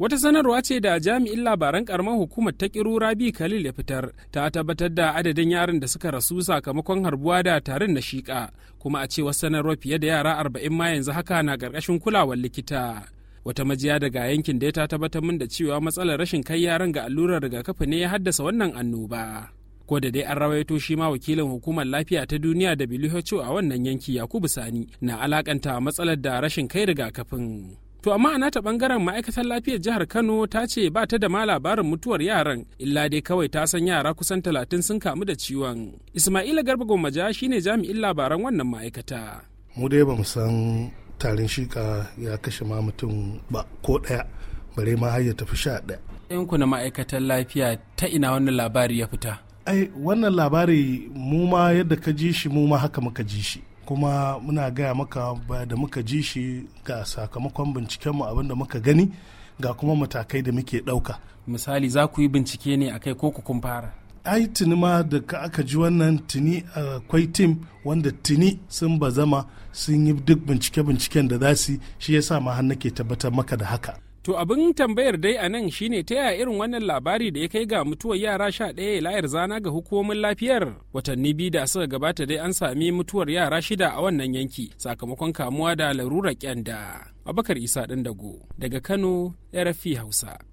Wata sanarwa ce da jami'in labaran karamar hukumar ta kiro Rabi Khalil ya fitar ta tabbatar da adadin yaran da suka rasu sakamakon harbuwa da tarin na shiƙa kuma a cewa sanarwar fiye da yara arba'in ma yanzu haka na ƙarƙashin kulawar likita. Wata majiya daga yankin da ta tabbatar min da cewa matsalar rashin kai yaran ga allurar rigakafi ne ya haddasa wannan annoba. ko da dai an rawaito shi ma wakilin hukumar lafiya ta duniya da WHO a wannan yanki Yakubu Sani na alakanta matsalar da rashin kai rigakafin. To amma a nata bangaren ma'aikatar lafiyar jihar Kano ta ce ba ta da ma labarin mutuwar yaran illa dai kawai ta san yara kusan talatin sun kamu da ciwon. Ismaila Garba shi ne jami'in labaran wannan ma'aikata. Mu dai ba mu san tarin shika ya kashe ma mutum ba ko ɗaya bare ma har ya tafi sha ɗaya. Yanku na ma'aikatar lafiya ta ina wannan labari ya fita? Ai wannan labari mu ma yadda ka ji shi mu ma haka muka ji shi. kuma muna gaya maka da muka ji shi ga sakamakon bincikenmu abinda muka gani ga kuma matakai da muke ɗauka. misali za ku yi bincike ne akai ko ku kun fara ai tuni ma da aka ji wannan tuni akwai tim wanda tuni sun bazama sun yi duk bincike-binciken da za su shi yasa ma har nake tabbatar maka da haka To abin tambayar dai a nan shine ta yaya irin wannan labari da ya kai ga mutuwar yara sha ɗaya layar zana ga hukumomin lafiyar watanni biyu da suka gabata dai an sami mutuwar yara shida a wannan yanki sakamakon kamuwa da larurar kyanda. Abakar Isa dago, daga Kano, RFI Hausa.